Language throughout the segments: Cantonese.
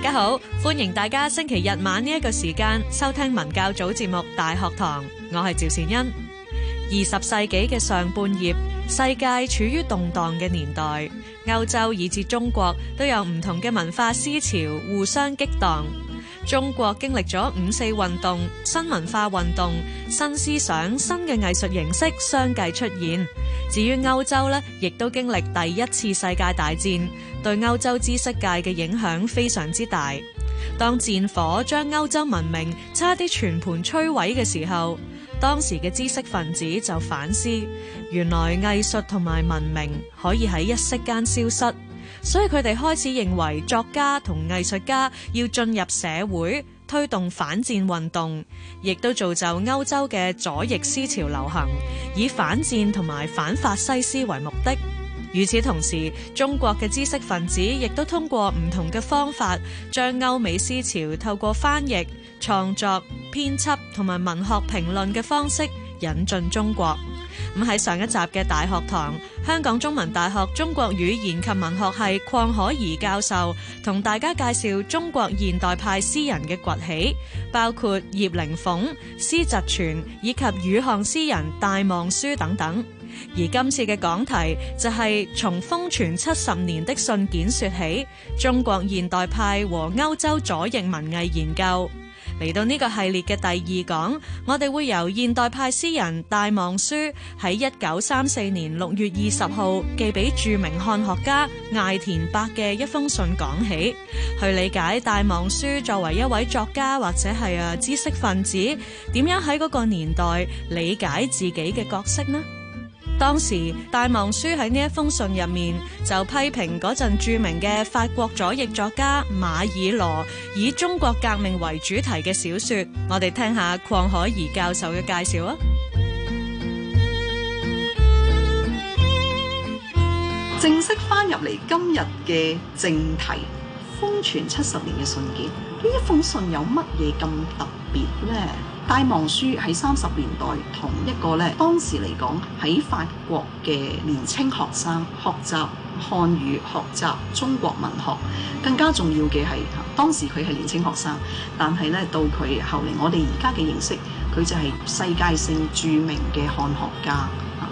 大家好，歡迎大家星期日晚呢一個時間收聽文教組節目《大學堂》。我係趙善恩。二十世紀嘅上半葉，世界處於動盪嘅年代，歐洲以至中國都有唔同嘅文化思潮互相激盪。中國經歷咗五四運動、新文化運動、新思想、新嘅藝術形式相繼出現。至於歐洲咧，亦都經歷第一次世界大戰，對歐洲知識界嘅影響非常之大。當戰火將歐洲文明差啲全盤摧毀嘅時候，當時嘅知識分子就反思，原來藝術同埋文明可以喺一息間消失，所以佢哋開始認為作家同藝術家要進入社會。推動反戰運動，亦都造就歐洲嘅左翼思潮流行，以反戰同埋反法西斯為目的。與此同時，中國嘅知識分子亦都通過唔同嘅方法，將歐美思潮透過翻譯、創作、編輯同埋文學評論嘅方式引進中國。咁喺上一集嘅大學堂，香港中文大學中國語言及文學系鄺可怡教授同大家介紹中國現代派詩人嘅崛起，包括葉靈鳳、施蟄存以及雨巷詩人戴望舒等等。而今次嘅講題就係從封存七十年的信件說起，中國現代派和歐洲左翼文藝研究。嚟到呢個系列嘅第二講，我哋會由現代派詩人戴望舒喺一九三四年六月二十號寄俾著名漢學家艾田伯嘅一封信講起，去理解戴望舒作為一位作家，或者係啊知識分子，點樣喺嗰個年代理解自己嘅角色呢？當時戴望舒喺呢一封信入面就批評嗰陣著名嘅法國左翼作家馬爾羅以中國革命為主題嘅小說，我哋聽，聽下鄺可怡教授嘅介紹啊！正式翻入嚟今日嘅正題，封存七十年嘅信件，呢一封信有乜嘢咁特別呢？戴望舒喺三十年代同一個咧，當時嚟講，喺法國嘅年輕學生學習漢語、學習中國文學，更加重要嘅係當時佢係年輕學生，但係咧到佢後嚟，我哋而家嘅認識，佢就係世界性著名嘅漢學家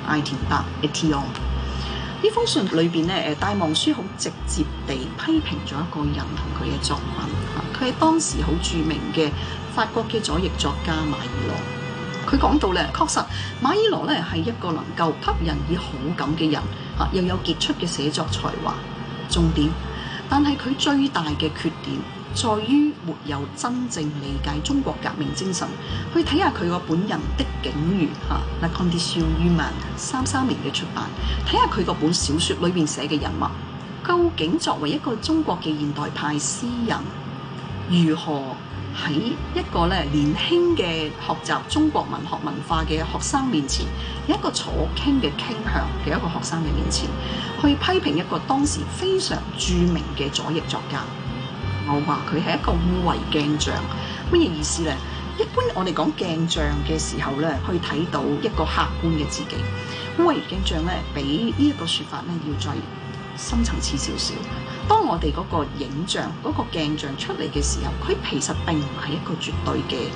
艾田伯 Etienne。呢封信裏邊咧，誒戴望舒好直接地批評咗一個人同佢嘅作品。佢係當時好著名嘅法國嘅左翼作家馬爾羅，佢講到咧，確實馬爾羅咧係一個能夠給人以好感嘅人，啊又有傑出嘅寫作才華，重點，但係佢最大嘅缺點，在於沒有真正理解中國革命精神。去睇下佢個本人的境遇，嚇《La Condition Humaine》，三三年嘅出版，睇下佢個本小說裏邊寫嘅人物，究竟作為一個中國嘅現代派詩人。如何喺一個咧年輕嘅學習中國文學文化嘅學生面前，一個左傾嘅傾向嘅一個學生嘅面前，去批評一個當時非常著名嘅左翼作家？我話佢係一個互為鏡像，乜嘢意思呢？一般我哋講鏡像嘅時候咧，去睇到一個客觀嘅自己，互為鏡像咧，比呢一個說法咧要再深層次少少。當我哋嗰個影像、嗰個鏡像出嚟嘅時候，佢其實並唔係一個絕對嘅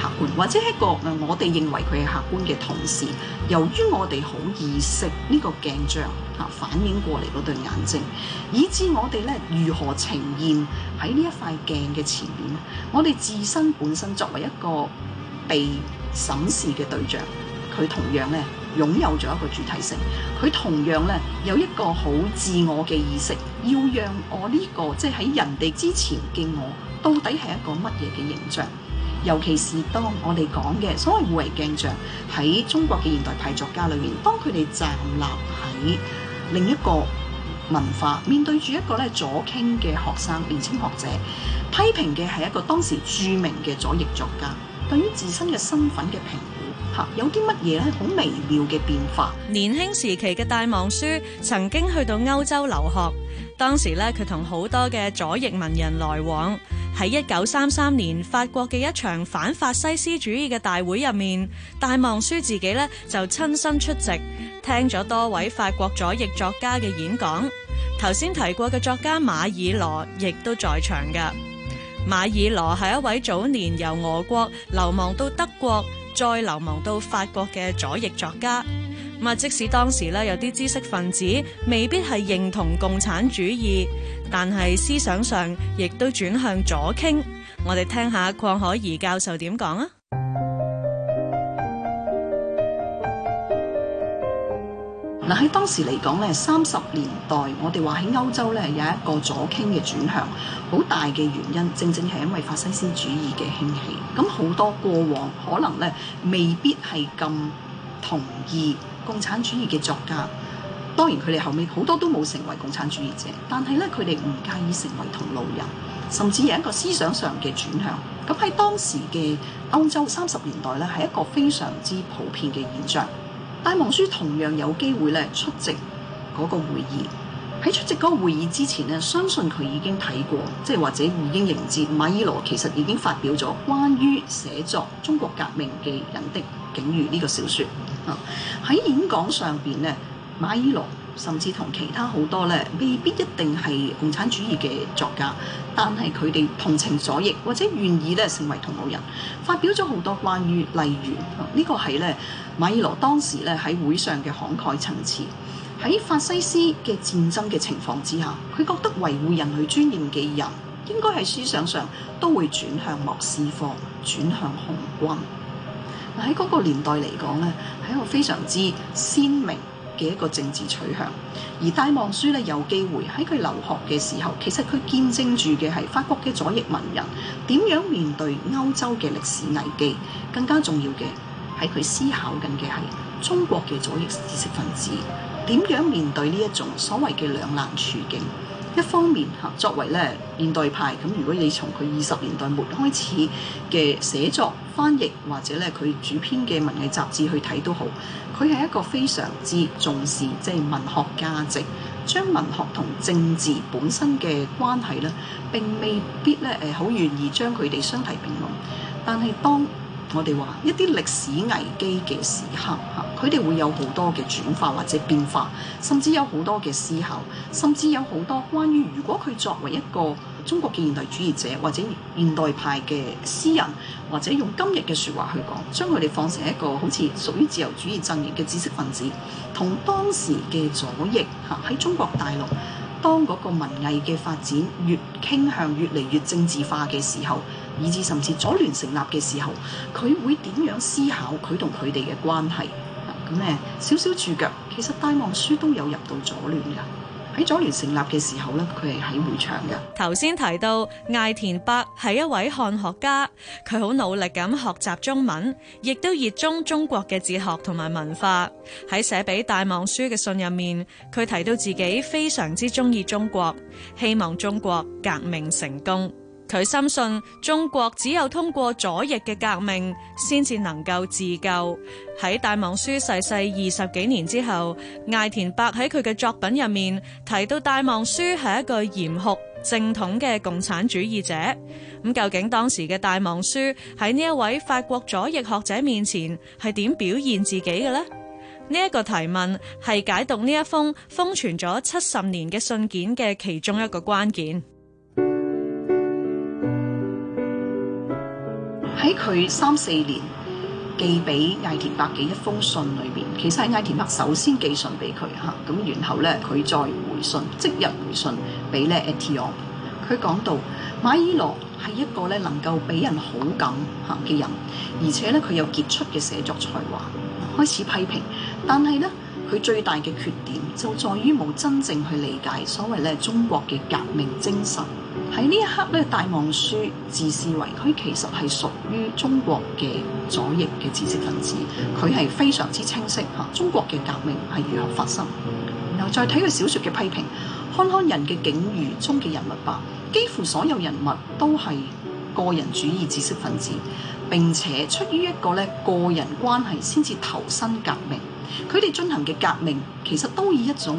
客觀，或者一個我哋認為佢係客觀嘅同時，由於我哋好意識呢個鏡像嚇反映過嚟嗰對眼睛，以至我哋咧如何呈現喺呢一塊鏡嘅前面，我哋自身本身作為一個被審視嘅對象，佢同樣咧，擁有咗一個主體性，佢同樣咧有一個好自我嘅意識，要讓我呢個即係喺人哋之前嘅我，到底係一個乜嘢嘅形象？尤其是當我哋講嘅所謂互為鏡像喺中國嘅現代派作家裏面，當佢哋站立喺另一個文化面對住一個咧左傾嘅學生、年青學者，批評嘅係一個當時著名嘅左翼作家，對於自身嘅身份嘅評。有啲乜嘢係好微妙嘅變化？年輕時期嘅戴望舒曾經去到歐洲留學，當時咧佢同好多嘅左翼文人來往。喺一九三三年法國嘅一場反法西斯主義嘅大會入面，戴望舒自己咧就親身出席，聽咗多位法國左翼作家嘅演講。頭先提過嘅作家馬爾羅亦都在場嘅。馬爾羅係一位早年由俄國流亡到德國，再流亡到法國嘅左翼作家，咁即使當時咧有啲知識分子未必係認同共產主義，但係思想上亦都轉向左傾。我哋聽下鄺可怡教授點講啊！嗱喺當時嚟講咧，三十年代我哋話喺歐洲咧有一個左傾嘅轉向，好大嘅原因正正係因為法西斯主義嘅興起。咁好多過往可能咧未必係咁同意共產主義嘅作家，當然佢哋後面好多都冇成為共產主義者，但係咧佢哋唔介意成為同路人，甚至有一個思想上嘅轉向。咁喺當時嘅歐洲三十年代咧係一個非常之普遍嘅現象。戴望舒同樣有機會咧出席嗰個會議。喺出席嗰個會議之前咧，相信佢已經睇過，即係或者已經認知馬爾羅其實已經發表咗關於寫作《中國革命嘅人的境遇》呢個小說。喺演講上邊咧，馬爾羅。甚至同其他好多咧未必一定係共產主義嘅作家，但係佢哋同情左翼或者願意咧成為同路人，發表咗好多關於例如、啊這個、呢個係咧馬爾羅當時咧喺會上嘅慷慨陳詞，喺法西斯嘅戰爭嘅情況之下，佢覺得維護人類尊嚴嘅人應該係思想上都會轉向莫斯科，轉向紅軍。喺、啊、嗰個年代嚟講咧，係一個非常之鮮明。嘅一個政治取向，而戴望舒咧有機會喺佢留學嘅時候，其實，佢見證住嘅係法國嘅左翼文人點樣面對歐洲嘅歷史危機，更加重要嘅係佢思考緊嘅係中國嘅左翼知識分子點樣面對呢一種所謂嘅兩難處境。一方面嚇，作為咧現代派咁，如果你從佢二十年代末開始嘅寫作、翻譯或者咧佢主編嘅文藝雜誌去睇都好，佢係一個非常之重視即係、就是、文學價值，將文學同政治本身嘅關係咧並未必咧誒好願意將佢哋相提並論，但係當我哋話一啲歷史危機嘅時刻。佢哋會有好多嘅轉化或者變化，甚至有好多嘅思考，甚至有好多關於如果佢作為一個中國嘅現代主義者或者現代派嘅詩人，或者用今日嘅說話去講，將佢哋放成一個好似屬於自由主義陣營嘅知識分子，同當時嘅左翼吓，喺中國大陸當嗰個文藝嘅發展越傾向越嚟越政治化嘅時候，以至甚至左聯成立嘅時候，佢會點樣思考佢同佢哋嘅關係。咩少少住腳，其實戴望舒都有入到左聯噶。喺左聯成立嘅時候咧，佢係喺會場嘅。頭先提到艾田伯係一位漢學家，佢好努力咁學習中文，亦都熱衷中國嘅哲學同埋文化。喺寫俾戴望舒嘅信入面，佢提到自己非常之中意中國，希望中國革命成功。佢深信中國只有通過左翼嘅革命，先至能夠自救。喺戴望舒逝世二十幾年之後，艾田伯喺佢嘅作品入面提到戴望舒係一個嚴酷正統嘅共產主義者。咁究竟當時嘅戴望舒喺呢一位法國左翼學者面前係點表現自己嘅咧？呢、這、一個提問係解讀呢一封封存咗七十年嘅信件嘅其中一個關鍵。佢三四年寄俾艾田伯嘅一封信裏邊，其實喺艾田伯首先寄信俾佢吓，咁、啊、然後咧佢再回信，即日回信俾咧艾田昂。佢講到馬爾羅係一個咧能夠俾人好感吓嘅人，而且咧佢有傑出嘅寫作才華。開始批評，但係咧佢最大嘅缺點就在於冇真正去理解所謂咧中國嘅革命精神。喺呢一刻咧，戴望舒自視為佢其實係屬於中國嘅左翼嘅知識分子，佢係非常之清晰吓，中國嘅革命係如何發生，然後再睇佢小說嘅批評，看看人嘅境遇中嘅人物吧，幾乎所有人物都係個人主義知識分子，並且出於一個咧個人關係先至投身革命，佢哋進行嘅革命其實都以一種。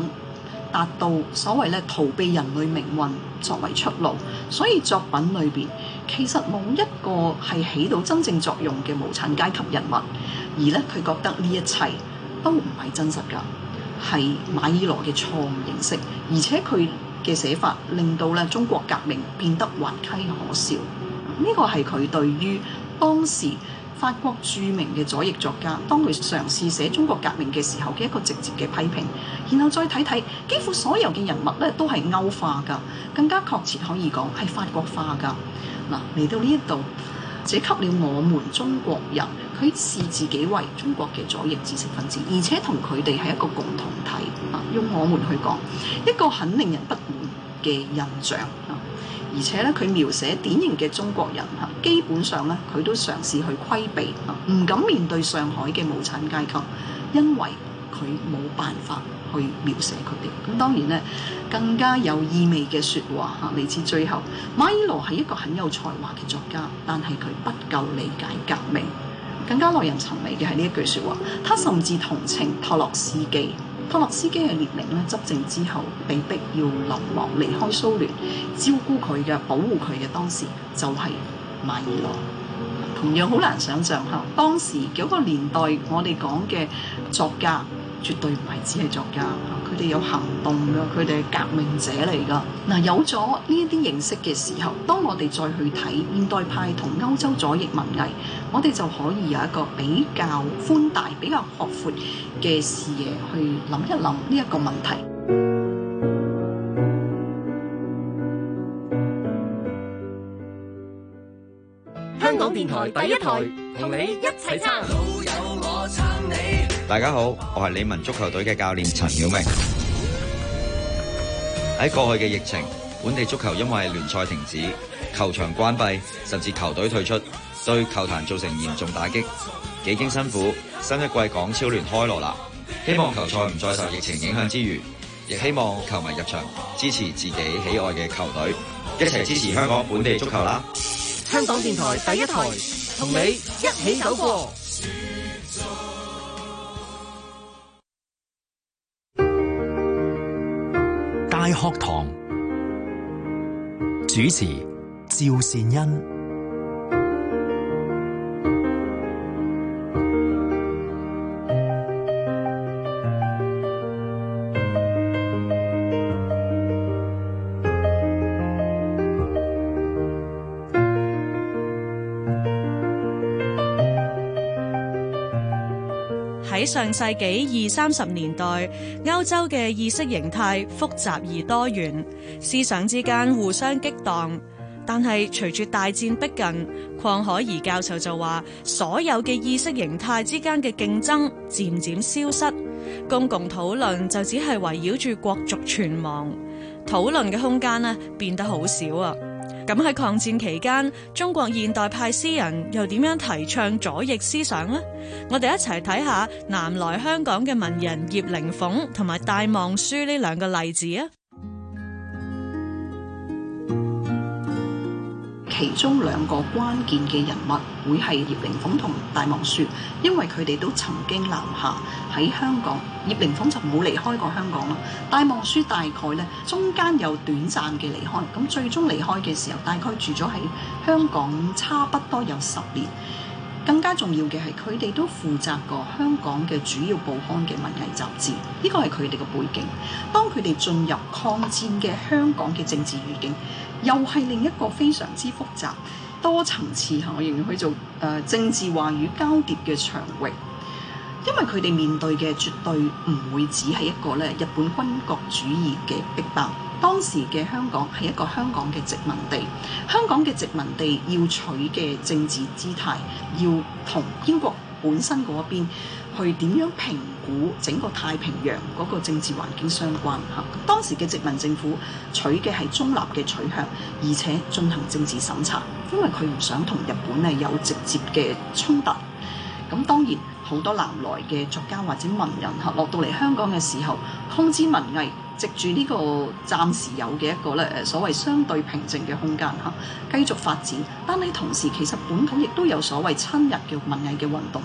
達到所謂咧逃避人類命運作為出路，所以作品裏邊其實冇一個係起到真正作用嘅無產階級人物，而咧佢覺得呢一切都唔係真實㗎，係馬爾羅嘅錯誤認識，而且佢嘅寫法令到咧中國革命變得滑稽可笑，呢個係佢對於當時法國著名嘅左翼作家，當佢嘗試寫中國革命嘅時候嘅一個直接嘅批評，然後再睇睇，幾乎所有嘅人物咧都係歐化㗎，更加確切可以講係法國化㗎。嗱，嚟到呢一度，這給了我們中國人，佢視自己為中國嘅左翼知識分子，而且同佢哋係一個共同體。用我們去講一個很令人不滿嘅印象。而且咧，佢描寫典型嘅中國人嚇，基本上咧佢都嘗試去規避嚇，唔敢面對上海嘅無產階級，因為佢冇辦法去描寫佢哋。咁當然咧，更加有意味嘅説話嚇，嚟自最後，馬爾羅係一個很有才華嘅作家，但係佢不夠理解革命。更加耐人尋味嘅係呢一句説話，他甚至同情托洛斯基。托洛斯基嘅列寧咧，執政之後被迫，要流亡離開蘇聯，照顧佢嘅、保護佢嘅，當時就係馬爾羅，同樣好難想象吓。當時嗰個年代，我哋講嘅作家，絕對唔係只係作家。佢哋有行動㗎，佢哋係革命者嚟㗎。嗱，有咗呢一啲認識嘅時候，當我哋再去睇現代派同歐洲左翼文藝，我哋就可以有一個比較寬大、比較擴闊嘅視野去諗一諗呢一個問題。香港電台第一台，同你一齊撐。大家好，我係李文足球隊嘅教練陳曉明。喺過去嘅疫情，本地足球因為聯賽停止、球場關閉，甚至球隊退出，對球壇造成嚴重打擊。幾經辛苦，新一季港超聯開鑼啦！希望球賽唔再受疫情影響之餘，亦希望球迷入場支持自己喜愛嘅球隊，一齊支持香港本地足球啦！香港電台第一台，同你一起走過。大學堂主持：趙善恩。上世紀二三十年代，歐洲嘅意識形態複雜而多元，思想之間互相激蕩。但係隨住大戰逼近，鄺可怡教授就話，所有嘅意識形態之間嘅競爭漸漸消失，公共討論就只係圍繞住國族存亡，討論嘅空間呢，變得好少啊。咁喺抗戰期間，中國現代派詩人又點樣提倡左翼思想呢？我哋一齊睇下南來香港嘅文人葉靈鳳同埋戴望舒呢兩個例子啊！其中兩個關鍵嘅人物會係葉靈鳳同戴望舒，因為佢哋都曾經南下喺香港。葉靈鳳就冇離開過香港咯，戴望舒大概呢，中間有短暫嘅離開，咁最終離開嘅時候大概住咗喺香港差不多有十年。更加重要嘅係佢哋都負責過香港嘅主要報刊嘅文藝雜誌，呢個係佢哋嘅背景。當佢哋進入抗戰嘅香港嘅政治語境，又係另一個非常之複雜、多層次、嚇我形容去做誒政治話語交疊嘅場域，因為佢哋面對嘅絕對唔會只係一個咧日本軍國主義嘅迫棒。當時嘅香港係一個香港嘅殖民地，香港嘅殖民地要取嘅政治姿態，要同英國本身嗰邊。去點樣評估整個太平洋個政治環境相關吓，當時嘅殖民政府取嘅係中立嘅取向，而且進行政治審查，因為佢唔想同日本咧有直接嘅衝突。咁當然好多南來嘅作家或者文人嚇落到嚟香港嘅時候，通知文藝藉住呢個暫時有嘅一個咧誒所謂相對平靜嘅空間嚇繼續發展。但係同時其實本土亦都有所謂親日嘅文藝嘅運動。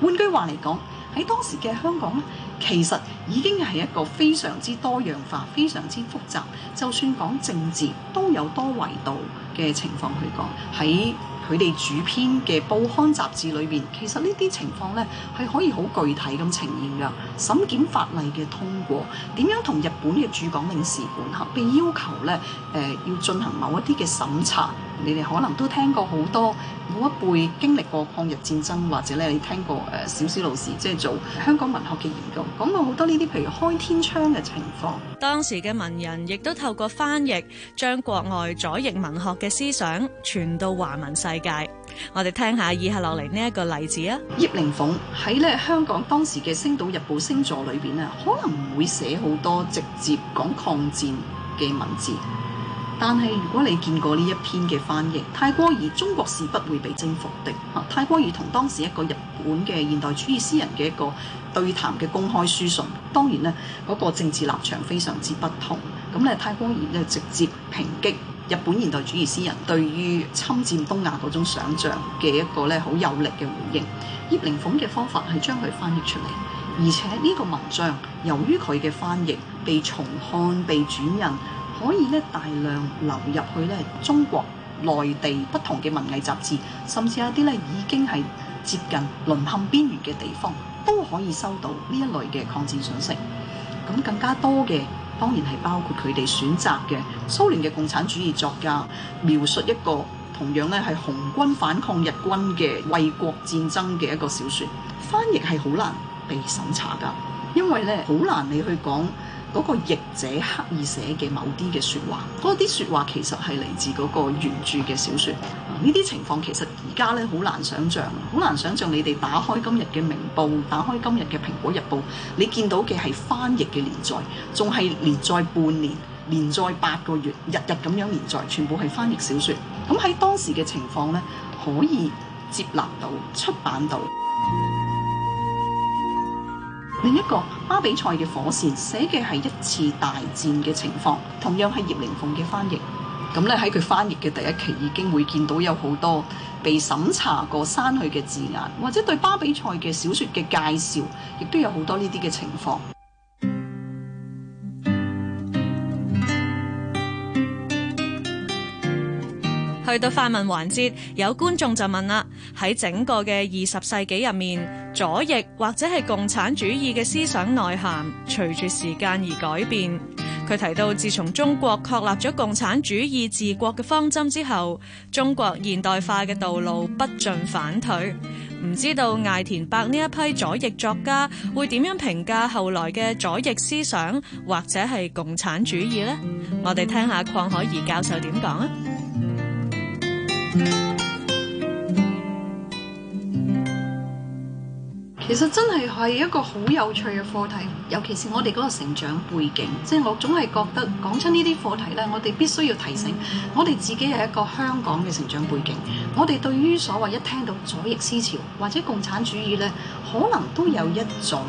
換句話嚟講，喺當時嘅香港其實已經係一個非常之多樣化、非常之複雜，就算講政治都有多維度嘅情況去講喺。佢哋主編嘅報刊雜誌裏邊，其實呢啲情況咧係可以好具體咁呈現㗎。審檢法例嘅通過，點樣同日本嘅駐港領事館合並要求咧？誒、呃，要進行某一啲嘅審查。你哋可能都聽過好多，老一輩經歷過抗日戰爭，或者咧你聽過誒、小思老師即係做香港文學嘅研究，講過好多呢啲譬如開天窗嘅情況。當時嘅文人亦都透過翻譯，將國外左翼文學嘅思想傳到華文世界。我哋聽下以下落嚟呢一個例子啊。葉靈鳳喺咧香港當時嘅《星島日報》星座裏邊啊，可能唔會寫好多直接講抗戰嘅文字。但係，如果你見過呢一篇嘅翻譯，泰戈爾中國是不會被征服的。啊，泰戈爾同當時一個日本嘅現代主義詩人嘅一個對談嘅公開書信，當然呢，嗰個政治立場非常之不同。咁咧，泰戈爾咧直接抨擊日本現代主義詩人對於侵佔東亞嗰種想像嘅一個咧好有力嘅回應。葉靈鳳嘅方法係將佢翻譯出嚟，而且呢個文章由於佢嘅翻譯被重看、被轉印。可以咧大量流入去咧中國內地不同嘅文藝雜誌，甚至有啲咧已經係接近淪陷邊緣嘅地方，都可以收到呢一類嘅抗戰信息。咁更加多嘅當然係包括佢哋選擇嘅蘇聯嘅共產主義作家，描述一個同樣咧係紅軍反抗日軍嘅衛國戰爭嘅一個小説，翻譯係好難被審查噶，因為咧好難你去講。嗰個譯者刻意寫嘅某啲嘅説話，嗰啲説話其實係嚟自嗰個原著嘅小說。呢啲情況其實而家咧，好難想像，好難想像你哋打開今日嘅《明報》，打開今日嘅《蘋果日報》，你見到嘅係翻譯嘅連載，仲係連載半年、連載八個月，日日咁樣連載，全部係翻譯小説。咁喺當時嘅情況呢，可以接納到出版到。另一個巴比塞嘅《火線》寫嘅係一次大戰嘅情況，同樣係葉靈鳳嘅翻譯。咁咧喺佢翻譯嘅第一期已經會見到有好多被審查過刪去嘅字眼，或者對巴比塞嘅小說嘅介紹，亦都有好多呢啲嘅情況。去到發問環節，有觀眾就問啦：喺整個嘅二十世紀入面。左翼或者係共產主義嘅思想內涵，隨住時間而改變。佢提到，自從中國確立咗共產主義治國嘅方針之後，中國現代化嘅道路不進反退。唔知道艾田伯呢一批左翼作家會點樣評價後來嘅左翼思想或者係共產主義呢？我哋聽下鄺可怡教授點講啊！其實真係係一個好有趣嘅課題，尤其是我哋嗰個成長背景，即係我總係覺得講出呢啲課題呢，我哋必須要提醒我哋自己係一個香港嘅成長背景，我哋對於所謂一聽到左翼思潮或者共產主義呢，可能都有一種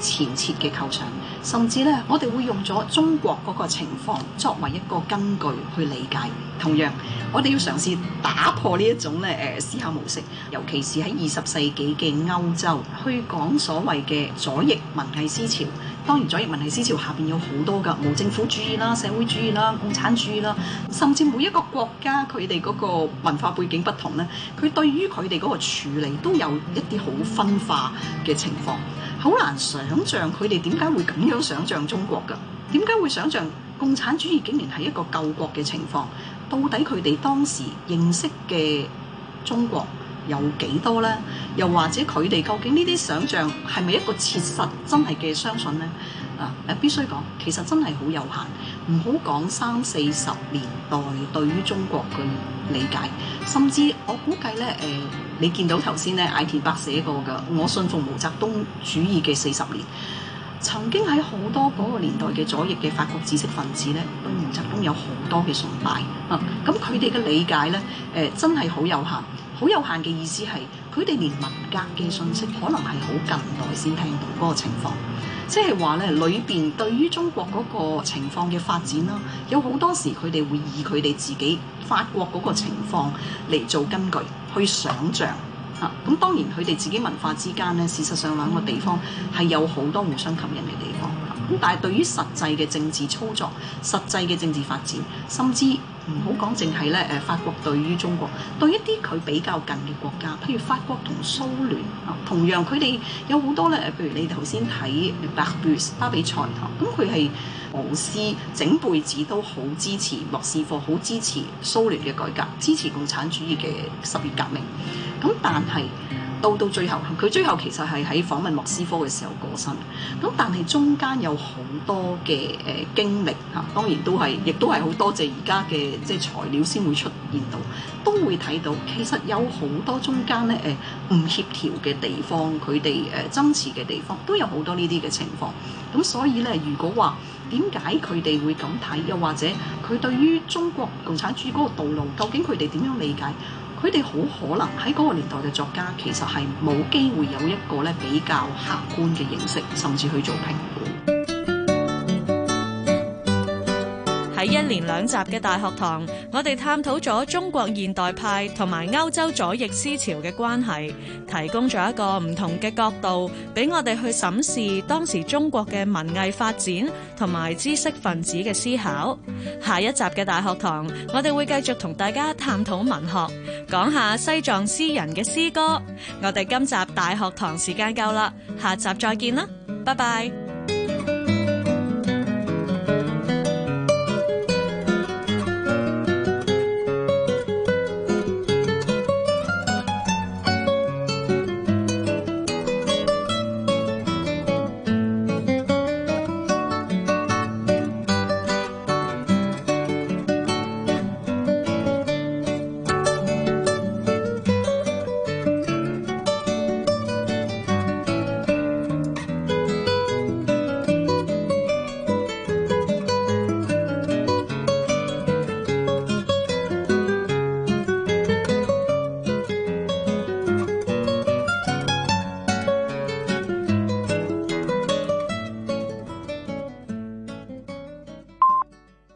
前設嘅構想，甚至咧，我哋會用咗中國嗰個情況作為一個根據去理解。同樣，我哋要嘗試打破呢一種咧誒思考模式，尤其是喺二十世紀嘅歐洲，去講所謂嘅左翼文藝思潮。當然，左翼文藝思潮下邊有好多嘅無政府主義啦、社會主義啦、共產主義啦，甚至每一個國家佢哋嗰個文化背景不同咧，佢對於佢哋嗰個處理都有一啲好分化嘅情況。好難想像佢哋點解會咁樣想像中國㗎？點解會想像共產主義竟然係一個救國嘅情況？到底佢哋當時認識嘅中國有幾多呢？又或者佢哋究竟呢啲想像係咪一個切實真係嘅相信呢？啊，必須講，其實真係好有限。唔好講三四十年代對於中國嘅理解，甚至我估計呢。誒、呃。你見到頭先咧，艾田伯寫過嘅《我信奉毛澤東主義嘅四十年》，曾經喺好多嗰個年代嘅左翼嘅法國知識分子咧，對毛澤東有好多嘅崇拜啊！咁佢哋嘅理解咧，誒、呃、真係好有限，好有限嘅意思係。佢哋連文革嘅信息可能係好近代先聽到嗰個情況，即係話咧裏邊對於中國嗰個情況嘅發展啦，有好多時佢哋會以佢哋自己法國嗰個情況嚟做根據去想像嚇。咁、啊、當然佢哋自己文化之間咧，事實上兩個地方係有好多互相吸引嘅地方。咁、啊、但係對於實際嘅政治操作、實際嘅政治發展，甚至。唔好講，淨係咧誒，法國對於中國，對於一啲佢比較近嘅國家，譬如法國同蘇聯啊，同樣佢哋有好多咧誒，譬如你頭先睇巴比巴比塞堂，咁佢係俄斯整輩子都好支持莫斯科，好支持蘇聯嘅改革，支持共產主義嘅十月革命，咁但係。都到最後，佢最後其實係喺訪問莫斯科嘅時候過身。咁但係中間有好多嘅誒經歷嚇，當然都係，亦都係好多謝而家嘅即係材料先會出現到，都會睇到其實有好多中間咧誒唔協調嘅地方，佢哋誒爭持嘅地方都有好多呢啲嘅情況。咁所以咧，如果話點解佢哋會咁睇，又或者佢對於中國共產主義嗰個道路，究竟佢哋點樣理解？佢哋好可能喺嗰個年代嘅作家，其實係冇機會有一個咧比較客觀嘅認識，甚至去做評估。喺一連兩集嘅大學堂，我哋探討咗中國現代派同埋歐洲左翼思潮嘅關係，提供咗一個唔同嘅角度俾我哋去審視當時中國嘅文藝發展同埋知識分子嘅思考。下一集嘅大學堂，我哋會繼續同大家探討文學，講下西藏詩人嘅詩歌。我哋今集大學堂時間夠啦，下集再見啦，拜拜。